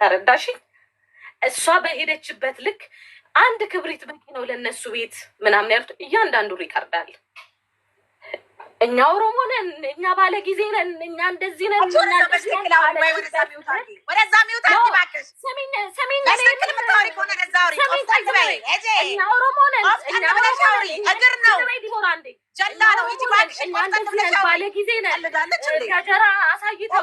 ተረዳሽ? እሷ በሄደችበት ልክ አንድ ክብሪት በቂ ነው ለነሱ ቤት ምናምን ያሉት እያንዳንዱ ይቀርዳል። እኛ ኦሮሞ ነን፣ እኛ ባለ ጊዜ ነን፣ እኛ እንደዚህ ነን። ባለ ጊዜ ነን። አሳይተው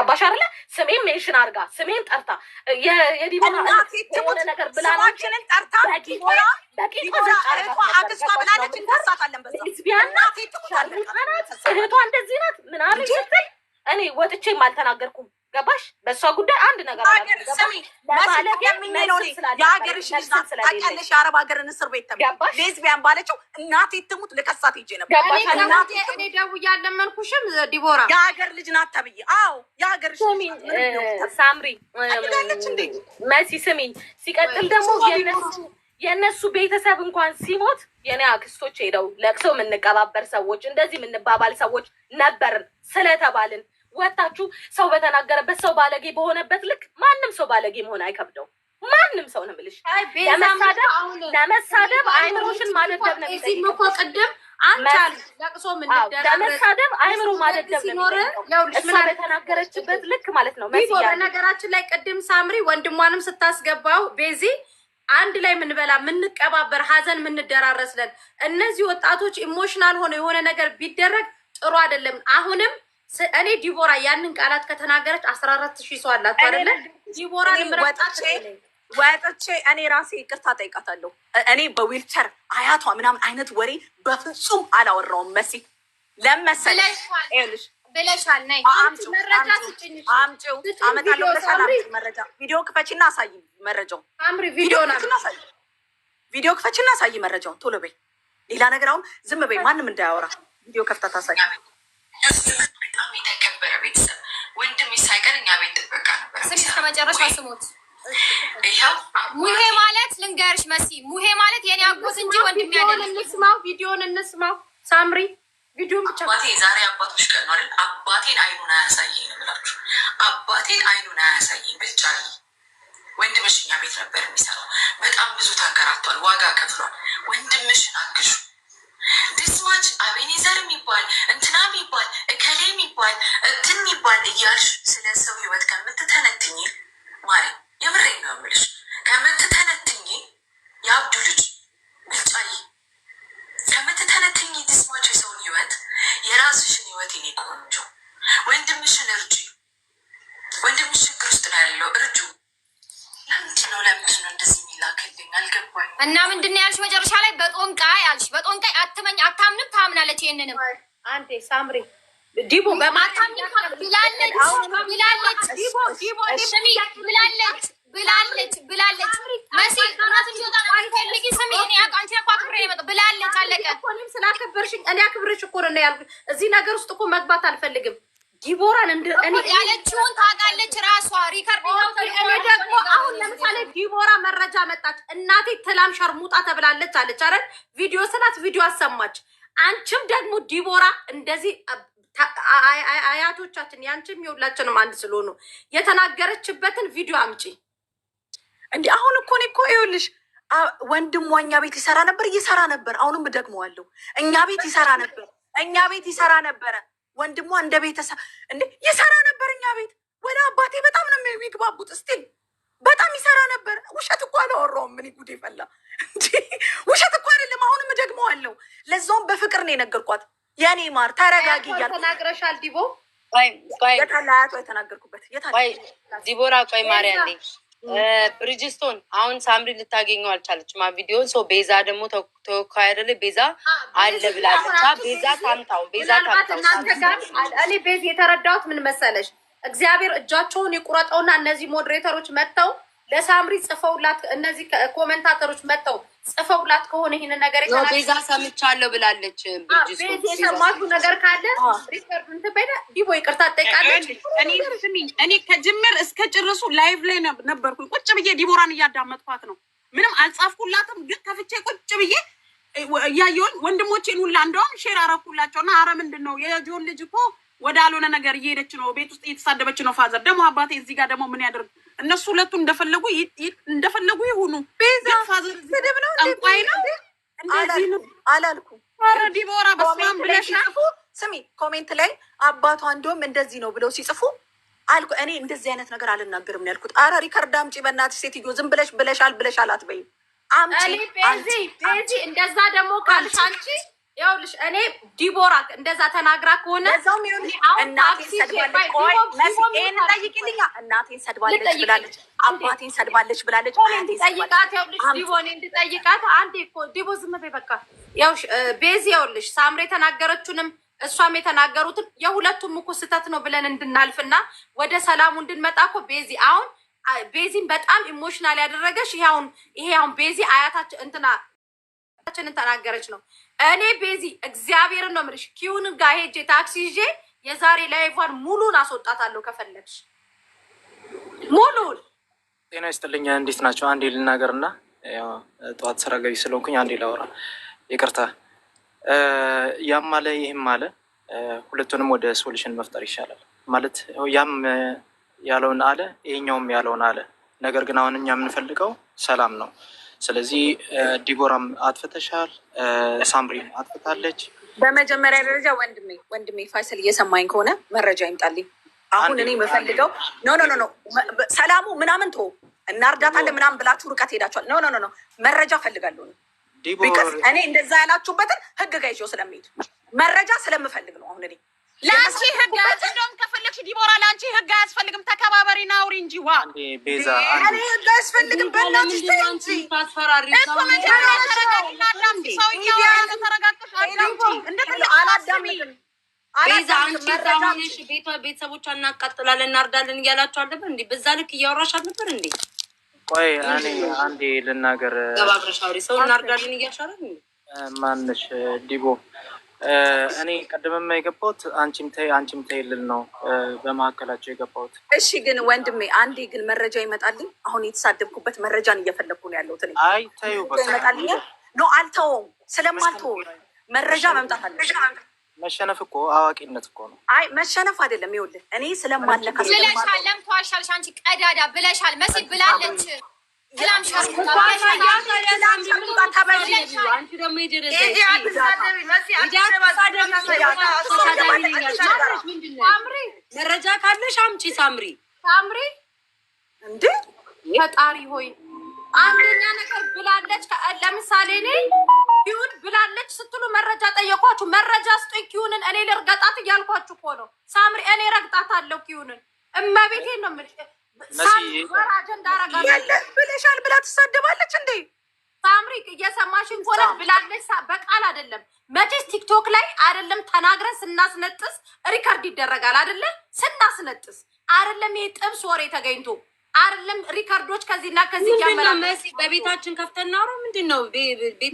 ገባሽ አይደለ? ስሜም ሜንሽን አርጋ ስሜን ጠርታ የዲቦራሆነ ነገር ብላችንን ጠርታ እህቷ እንደዚህ ናት ምናምን ስትል እኔ ወጥቼም አልተናገርኩም። ገባሽ? በእሷ ጉዳይ አንድ ነገር የሀገርሽ ታውቂያለሽ። የአረብ ሀገርን እስር ቤት ሌዝቢያን ባለችው እናቴ ትሙት ልከሳት ሄጄ ነበር። እኔ ደውዬ አለመንኩሽም ዲቦራ፣ የሀገር ልጅ ናት ተብዬ። አዎ የሀገር ሳምሪ ለች እንዴ መሲ ስሚ። ሲቀጥል ደግሞ የእነሱ ቤተሰብ እንኳን ሲሞት የኔ አክስቶች ሄደው ለቅሶ የምንቀባበር ሰዎች እንደዚህ የምንባባል ሰዎች ነበርን ስለተባልን ወታችሁ ሰው በተናገረበት ሰው ባለጌ በሆነበት ልክ ማንም ሰው ባለጌ መሆን አይከብደው። ማንም ሰው ነው የምልሽ። ለመሳደብ አይምሮሽን ማደደብ ነው እዚህም እኮ ቅድም አንቻል ለቅሶ ለመሳደብ አይምሮ ማደደብ ነው እሷ በተናገረችበት ልክ ማለት ነው። በነገራችን ላይ ቅድም ሳምሪ ወንድሟንም ስታስገባው ቤዚ አንድ ላይ የምንበላ የምንቀባበር ሀዘን የምንደራረስለን እነዚህ ወጣቶች ኢሞሽናል ሆነ የሆነ ነገር ቢደረግ ጥሩ አይደለም አሁንም እኔ ዲቦራ ያንን ቃላት ከተናገረች አስራ አራት ሺህ ሰው አላት አለ ዲቦራ ወጥቼ እኔ ራሴ ይቅርታ ጠይቃታለሁ። እኔ በዊልቸር አያቷ ምናምን አይነት ወሬ በፍጹም አላወራውም። መሲ ለመሰለሽ ክፈችና አሳይ መረጃው። ቪዲዮ ቪዲዮ ክፈችና አሳይ መረጃውን። ቶሎ በይ፣ ሌላ ነገር አሁን ዝም በይ፣ ማንም እንዳያወራ። ቪዲዮ ከፍታ ታሳይ በጣም የተከበረ ቤተሰብ ወንድም ሳይቀር እኛ ቤት ጥበቃ ነበር። ስልክ ከመጨረሻ ስሙት። ሙሄ ማለት ልንገርሽ መሲ፣ ሙሄ ማለት የኔ አጎት እንጂ ወንድም አይደለም። እንስማው፣ ቪዲዮን እንስማው። ሳምሪ ቪዲዮን ብቻ አባቴ፣ ዛሬ አባቶች ቀን ነው አይደል? አባቴን አይኑን አያሳየኝ ነው ብላችሁ፣ አባቴን አይኑን አያሳየኝ ብቻ ወንድምሽ እኛ ቤት ነበር የሚሰራው። በጣም ብዙ ተንከራቷል፣ ዋጋ ከፍሏል። ወንድምሽን አግሹ ድስማች አቤኔዘር የሚባል እንትና የሚባል እከሌ የሚባል እንትን የሚባል እያልሽ ስለ ሰው ህይወት ከምትተነትኝ ማሪ የምሬ ነው የምልሽ ከምትተነትኝ የአብዱ ልጅ ምልጫይ ከምትተነትኝ ድስማች የሰውን ህይወት የራስሽን ህይወት ይኔ ቆንጆ ወንድምሽን እርጅ ወንድምሽ ችግር ውስጥ ነው ያለው፣ እርጁ እና ምንድን ነው ያልሽ? መጨረሻ ላይ በጦንቃ ያልሽ። በጦንቃ አትመኝ፣ አታምንም። ታምናለች። ይህንንም አንዴ ሳምሪ ዲቦ በማታምንም ብላለች፣ ብላለች፣ ብላለች ብላለች ብላለች ብላለች፣ ብላለች፣ ብላለች። ብላለች ብላለች ብላለች ብላለች ብላለች ብላለች ብላለች ብላለች ብላለች ብላለች ብላለች ብላለች። ብላለች ብላለች መግባት አልፈልግም። ዲቦራን እንደ እኔ ያለችውን ታውቃለች ራሷ ሪከርድ ነው። እኔ ደግሞ አሁን ለምሳሌ ዲቦራ መረጃ መጣች። እናቴ ትላም ሸርሙጣ ተብላለች አለች። አረን ቪዲዮ ስላት ቪዲዮ አሰማች። አንቺም ደግሞ ዲቦራ እንደዚህ አያቶቻችን ያንቺም የሁላችንም አንድ ስለሆኑ የተናገረችበትን ቪዲዮ አምጪ። እንዲ አሁን እኮ እኔ እኮ ይኸውልሽ ወንድሟ እኛ ቤት ይሰራ ነበር ይሰራ ነበር። አሁንም እደግመዋለሁ እኛ ቤት ይሰራ ነበር እኛ ቤት ይሰራ ነበረ ወንድሟ እንደ ቤተሰብ እንደ ይሰራ ነበር። እኛ ቤት ወደ አባቴ በጣም ነው የሚግባቡት። እስቲ በጣም ይሰራ ነበር። ውሸት እኮ አላወራውም። ምን ጉድ ይፈላ እንጂ ውሸት እኮ አይደለም። አሁንም ደግመዋለሁ። ለዛውም በፍቅር ነው የነገርኳት። የኔ ማር ተረጋጊ እያልኩ ተናግረሻል ዲቦ የታላያቷ የተናገርኩበት የታ ዲቦራ ቆይ ማርያም ብሪጅስቶን አሁን ሳምሪ ልታገኘው ማ ቪዲዮን ሰው ቤዛ ደግሞ ተወካይ አይደለ ቤዛ አለ ብላለች። ቤዛ ታምታው ቤዛ ታምታው ቤዝ የተረዳሁት ምን መሰለች እግዚአብሔር እጃቸውን ይቁረጠውና እነዚህ ሞዴሬተሮች መጥተው ለሳምሪ ጽፈውላት፣ እነዚህ ኮመንታተሮች መጥተው ጽፈውላት ከሆነ ይህን ነገር ቤዛ ሰምቻለሁ ብላለች። የሰማችሁ ነገር ካለ ሪከርዱን ዲቦ ይቅርታ ጠይቃለች። እኔ ከጅምር እስከ ጭርሱ ላይቭ ላይ ነበርኩኝ። ቁጭ ብዬ ዲቦራን እያዳመጥኳት ነው። ምንም አልጻፍኩላትም፣ ግን ከፍቼ ቁጭ ብዬ እያየውን ወንድሞቼን ሁላ እንደውም ሼር አረኩላቸው እና አረ ምንድን ነው የጆን ልጅ እኮ ወዳልሆነ ነገር እየሄደች ነው፣ ቤት ውስጥ እየተሳደበች ነው። ፋዘር ደግሞ አባቴ እዚህ ጋር ደግሞ ምን ያደርግ? እነሱ ሁለቱ እንደፈለጉ እንደፈለጉ ይሁኑ። ስድብ ነው፣ ጠንቋይ ነው። አላልኩም። ዲቦራ በስማም ብለሻ ስሚ፣ ኮሜንት ላይ አባቷ እንደውም እንደዚህ ነው ብለው ሲጽፉ አልኩ እኔ እንደዚህ አይነት ነገር አልናገርም ነው ያልኩት። አረ ሪከርድ አምጪ በእናትሽ ሴትዮ፣ ዝም ብለሽ ብለሻል ብለሻል አትበይም። አምጪ እንደዛ ደግሞ ካልሽ አንቺ ያውልሽ እኔ ዲቦራ እንደዛ ተናግራ ከሆነ እናቴን ጠይቅልኛ። እናቴን ሰድባለች ብላለች፣ አባቴን አንዴ እኮ ዲቦ ዝም በይ በቃ። ሳምሬ የተናገረችውንም እሷም የተናገሩትን የሁለቱም እኮ ስህተት ነው ብለን እንድናልፍና ወደ ሰላሙ እንድንመጣ እኮ ቤዚ አሁን ቤዚን በጣም ኢሞሽናል ያደረገሽ ይሄ አሁን ይሄ አሁን ቤዚ አያታችን እንትና ችንን ተናገረች ነው እኔ ቤዚ እግዚአብሔርን ነው የምልሽ። ኪውን ጋር ሄጄ ታክሲ ይዤ የዛሬ ላይቫን ሙሉን አስወጣታለሁ ከፈለግሽ ሙሉን። ጤና ይስጥልኝ፣ እንዴት ናቸው? አንዴ ልናገር እና ጠዋት ስራ ገቢ ስለሆንኩኝ አንዴ ላወራ ይቅርታ። ያም አለ ይህም አለ፣ ሁለቱንም ወደ ሶሉሽን መፍጠር ይሻላል ማለት ያም ያለውን አለ ይሄኛውም ያለውን አለ። ነገር ግን አሁን እኛ የምንፈልገው ሰላም ነው። ስለዚህ ዲቦራም አጥፍተሻል፣ ሳምሪም አጥፍታለች። በመጀመሪያ ደረጃ ወንድሜ ወንድሜ ፋይሰል እየሰማኝ ከሆነ መረጃ ይምጣልኝ። አሁን እኔ የምፈልገው ኖ ኖ ኖ ሰላሙ ምናምን ቶ እና እርዳታለን ምናምን ብላችሁ ርቀት ሄዳችኋል። ኖ ኖ ኖ መረጃ ፈልጋለሁ። ቢካስ እኔ እንደዛ ያላችሁበትን ህግ ጋይዞ ስለሚሄድ መረጃ ስለምፈልግ ነው። አሁን እኔ ለአስ ህግ እንደውም ዲቦራ ለአንቺ ህግ አያስፈልግም። ተከባበሪ ናውሪ እንጂ ዋ ቤዛ ህግ አያስፈልግም። በእናትሽ ቤተሰቦቿ እናቃጥላለን እናርዳለን እያላችሁ እንዴ? በዛ ልክ እያወራሽ አልነበር እንዴ? ቆይ እኔ አንዴ ልናገር። ሰው እናርዳለን እያልሽ አይደል? ዲቦ እኔ ቀድመማ የገባሁት አንቺም ተይ አንቺም ተይ ልል ነው በመካከላቸው የገባሁት። እሺ ግን ወንድሜ አንዴ ግን መረጃ ይመጣልኝ። አሁን የተሳደብኩበት መረጃን እየፈለግኩ ነው ያለሁት። አይ ተይው ይመጣልኛል። ኖ አልተውም፣ ስለማልተው መረጃ መምጣት አለ። መሸነፍ እኮ አዋቂነት እኮ ነው። አይ መሸነፍ አይደለም። ይኸውልህ እኔ ስለማለካ ብለሻል። ለምተዋሻልሽ አንቺ ቀዳዳ ብለሻል። መሲ ብላለች መረጃ ካለሽ አምጪ። ሳምሪ ሳምሪ እንደ ፈጣሪ ሆይ አንደኛ ነገር ብላለች። ለምሳሌ እኔ ኪውን ብላለች ስትሉ መረጃ ጠየኳችሁ። መረጃ ስጡኝ ኪውንን እኔ ልርገጣት እያልኳችሁ እኮ ነው። ሳምሪ እኔ ረግጣታለሁ ኪውንን እመቤቴን ነው የምልሽ የለህ ብለሻል ብላ ትሳደባለች እንዴ? ሳምሪ እየሰማሽን ከሆነ ብላለች። በቃል አይደለም መቼስ ቲክቶክ ላይ አይደለም ተናግረን ስናስነጥስ ሪከርድ ይደረጋል አይደለ? ስናስነጥስ አይደለም ይሄ ጥብስ ወሬ ተገኝቶ አይደለም ሪከርዶች ከዚህና ከዚህ ጀምራ በቤታችን ከፍተን እናውራ ምንድን ነው ቤት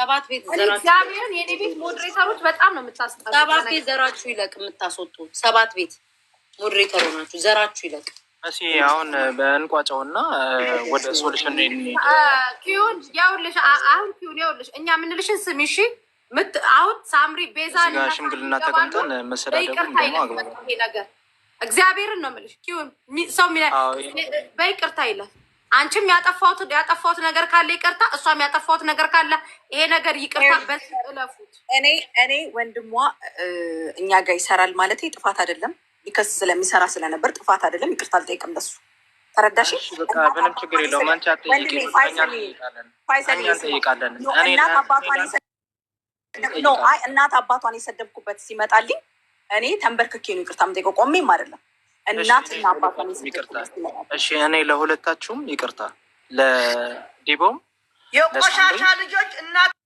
ሰባት ቤት እግዚአብሔርን የኔ ቤት ሞዴሬተሮች በጣም ነው የምታስጠሉት። ሰባት ቤት ዘራችሁ ይለቅ የምታስወጡ ሰባት ቤት ሞዴሬተር ሆናችሁ ዘራችሁ ይለቅ። እሺ አሁን በእንቋጫው እና ወደ ሶሉሽን ኪዩን ያውልሽ። አሁን ኪዩን ያውልሽ። እኛ የምንልሽን ስሚ እሺ። አሁን ሳምሪ ቤዛ ሽምግልና ተቀምጠን መሰዳደቡ ደግሞ ነገር እግዚአብሔርን ነው የምልሽ ኪዩን ሰው በይቅርታ ይላል አንቺም ያጠፋሁት ያጠፋሁት ነገር ካለ ይቅርታ፣ እሷም ያጠፋሁት ነገር ካለ ይሄ ነገር ይቅርታ፣ በዚህ እኔ እኔ ወንድሟ እኛ ጋር ይሰራል ማለት ጥፋት አይደለም። ቢከስ ስለሚሰራ ስለነበር ጥፋት አይደለም። ይቅርታ አልጠይቅም ለሱ። ተረዳሽ? ምንም ችግር የለውም። አንቺ አትጠይቂም። እናት አባቷን የሰደብኩበት ሲመጣልኝ እኔ ተንበርክኬ ነው ይቅርታ የምጠይቀው፣ ቆሜም አይደለም እናትና እኔ ለሁለታችሁም ይቅርታ ለዲቦም የቆሻሻ ልጆች እናታችሁ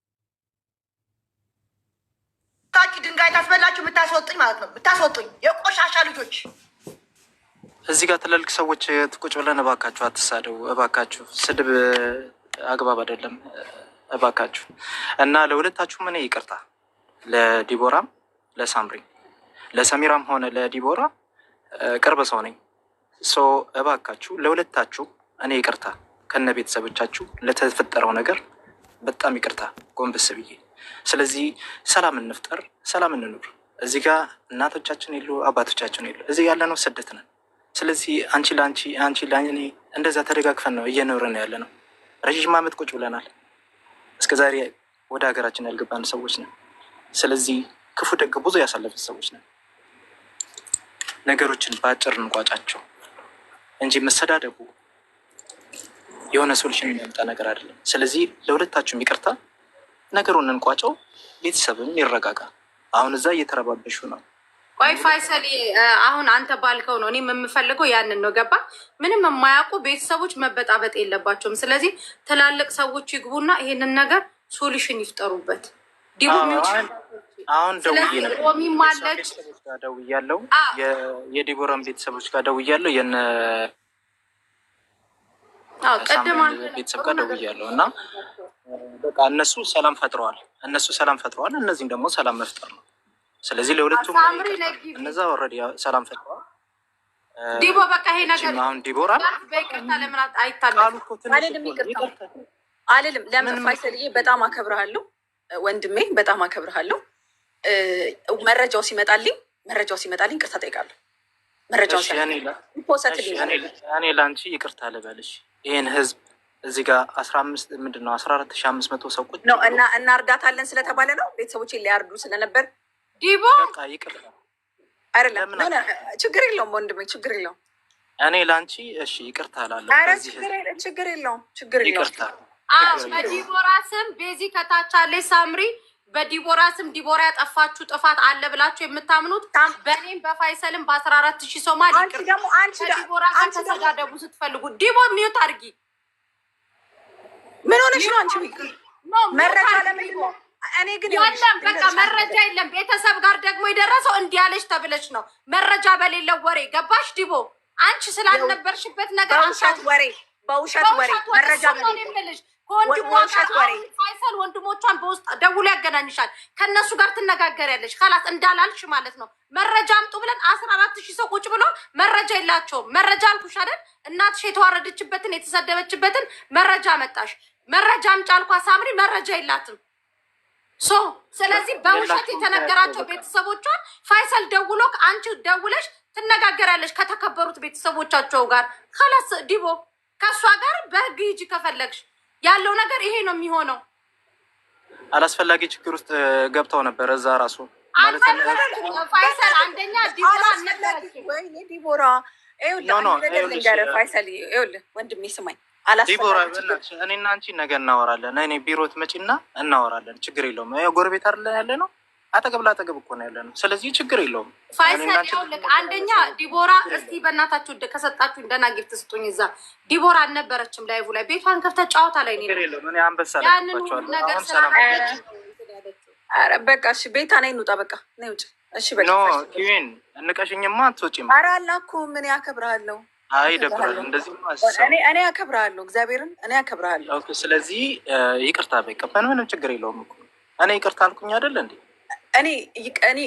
ድንጋይ ታስበላችሁ ብታስወጡኝ ማለት ነው ብታስወጡኝ፣ የቆሻሻ ልጆች። እዚህ ጋር ትላልቅ ሰዎች ቁጭ ብለን እባካችሁ አትሳደቡ፣ እባካችሁ ስድብ አግባብ አይደለም፣ እባካችሁ እና ለሁለታችሁም እኔ ይቅርታ ለዲቦራም ለሳምሪ ለሰሚራም ሆነ ለዲቦራ ቅርብ ሰው ነኝ። ሶ እባካችሁ ለሁለታችሁ እኔ ይቅርታ ከነ ቤተሰቦቻችሁ ለተፈጠረው ነገር በጣም ይቅርታ ጎንበስ ብዬ። ስለዚህ ሰላም እንፍጠር፣ ሰላም እንኑር። እዚህ ጋ እናቶቻችን የሉ፣ አባቶቻችን የሉ። እዚህ ያለ ነው ስደት ነን። ስለዚህ አንቺ ለአንቺ አንቺ ለእኔ እንደዛ ተደጋግፈን ነው እየኖርን ያለ ነው። ረዥም ዓመት ቁጭ ብለናል። እስከ ዛሬ ወደ ሀገራችን ያልገባን ሰዎች ነን። ስለዚህ ክፉ ደግ ብዙ ያሳለፍን ሰዎች ነን። ነገሮችን በአጭር እንቋጫቸው እንጂ መሰዳደቡ የሆነ ሶሉሽን የሚያመጣ ነገር አይደለም። ስለዚህ ለሁለታችሁም ይቅርታ፣ ነገሩን እንቋጨው፣ ቤተሰብም ይረጋጋ። አሁን እዛ እየተረባበሹ ነው። ቆይ ፋይሰል፣ አሁን አንተ ባልከው ነው። እኔም የምፈልገው ያንን ነው። ገባ? ምንም የማያውቁ ቤተሰቦች መበጣበጥ የለባቸውም። ስለዚህ ትላልቅ ሰዎች ይግቡና ይሄንን ነገር ሶሉሽን ይፍጠሩበት ዲቡ አሁን ደውዬ የዲቦራን ቤተሰቦች ጋር ደውያለሁ። የነ ቤተሰብ ጋር ደውያለሁ እና በቃ እነሱ ሰላም ፈጥረዋል። እነሱ ሰላም ፈጥረዋል። እነዚህም ደግሞ ሰላም መፍጠር ነው። ስለዚህ ለሁለቱም እነዛ ኦልሬዲ ሰላም ፈጥረዋል። ዲቦ በቃ ይሄ ነገር አሁን ዲቦራ በይቅርታ ለምን አይታለም? አልልም፣ ለምን ማይሰልዬ በጣም አከብርሃለሁ ወንድሜ፣ በጣም አከብርሃለሁ መረጃው ሲመጣልኝ መረጃው ሲመጣልኝ ቅርታ ጠይቃለሁ። መረጃው እኔ ለአንቺ ይቅርታ ልበልሽ ይህን ህዝብ እዚህ ጋር አስራ አምስት ምንድን ነው አስራ አራት ሺ አምስት መቶ ሰው ቁጭ ነው እና እና እርዳታለን ስለተባለ ነው ቤተሰቦች ሊያርዱ ስለነበር ዲቦ አይደለም ችግር የለውም ወንድሜ ችግር የለውም። እኔ ለአንቺ እሺ ይቅርታ እላለሁ። ችግር የለውም ችግር የለውም። በዲቦራ ስም ቤዚ ከታች አለች ሳምሪ በዲቦራ ስም ዲቦራ ያጠፋችሁ ጥፋት አለ ብላችሁ የምታምኑት በእኔም በፋይሰልም በአስራ አራት ሺህ ሶማሊ ዲቦራ ተሰዳደቡ ስትፈልጉ ዲቦ ሚዩት አድርጊ። ምን ሆነሽ ነው አንቺ? መረጃ ለምን እኔ ግን የለም፣ በቃ መረጃ የለም። ቤተሰብ ጋር ደግሞ የደረሰው እንዲህ ያለች ተብለች ነው መረጃ በሌለው ወሬ ገባሽ ዲቦ። አንቺ ስላልነበርሽበት ነገር በውሸት ወሬ በውሸት ወሬ መረጃ ከወንድሟ ወንድሞቿን በውስጥ ደውሎ ያገናኝሻል። ከእነሱ ጋር ትነጋገሪያለሽ። ካላት እንዳላልሽ ማለት ነው። መረጃ አምጡ ብለን አስራ አራት ሺህ ሰው ቁጭ ብሎ መረጃ የላቸውም። መረጃ አልኩሽ አይደል? እናትሽ የተዋረደችበትን የተሰደበችበትን መረጃ መጣሽ። መረጃ አምጪ አልኳ ሳምሪ፣ መረጃ የላትም። ሶ ስለዚህ በውሸት የተነገራቸው ቤተሰቦቿን ፋይሰል ደውሎ አንቺ ደውለሽ ትነጋገሪያለሽ ከተከበሩት ቤተሰቦቻቸው ጋር። ከላስ ዲቦ ከእሷ ጋር በህግ ሂጂ ከፈለግሽ ያለው ነገር ይሄ ነው የሚሆነው። አላስፈላጊ ችግር ውስጥ ገብተው ነበር እዛ ራሱ ፋይሰል አንደኛ ዲቦራ ወንድሜ ስማኝ፣ ዲቦራ እኔና አንቺ ነገ እናወራለን። እኔ ቢሮት መጪና እናወራለን። ችግር የለውም። ጎረቤት አይደለ ያለ ነው አጠገብ ላጠገብ እኮ ነው ያለነው። ስለዚህ ችግር የለውም። ፋይሰል ያውልቅ አንደኛ ዲቦራ እስቲ በእናታችሁ ከሰጣችሁ እንደና ጊፍት ስጡኝ። እዛ ዲቦራ አልነበረችም ላይቡ ላይ ቤቷን ከፍታ ጨዋታ ላይ ነው ያንን ሁሉ ነገር ስራ በቃ እሺ፣ ቤታ ነይ እንውጣ። በቃ ነይ ውጭ። እሺ በቃ ኪዌን እንቀሽኝማ አትወጪም። ኧረ አላኩ ምን አከብርሃለሁ። አይ ደብራል እንደዚህ እኔ አከብርሃለሁ። እግዚአብሔርን እኔ አከብርሃለሁ። ስለዚህ ይቅርታ በቃ ምንም ችግር የለውም እኮ እኔ ይቅርታ አልኩኝ አይደል እንዴ እኔ እኔ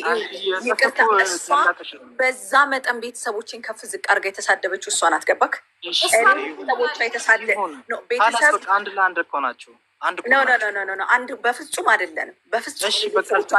ይቅርታ፣ እሷ በዛ መጠን ቤተሰቦችን ከፍ ዝቅ አድርጋ የተሳደበችው እሷ ናት። አንድ ለአንድ እኮ ናቸው። አንድ በፍጹም አይደለንም። በፍጹም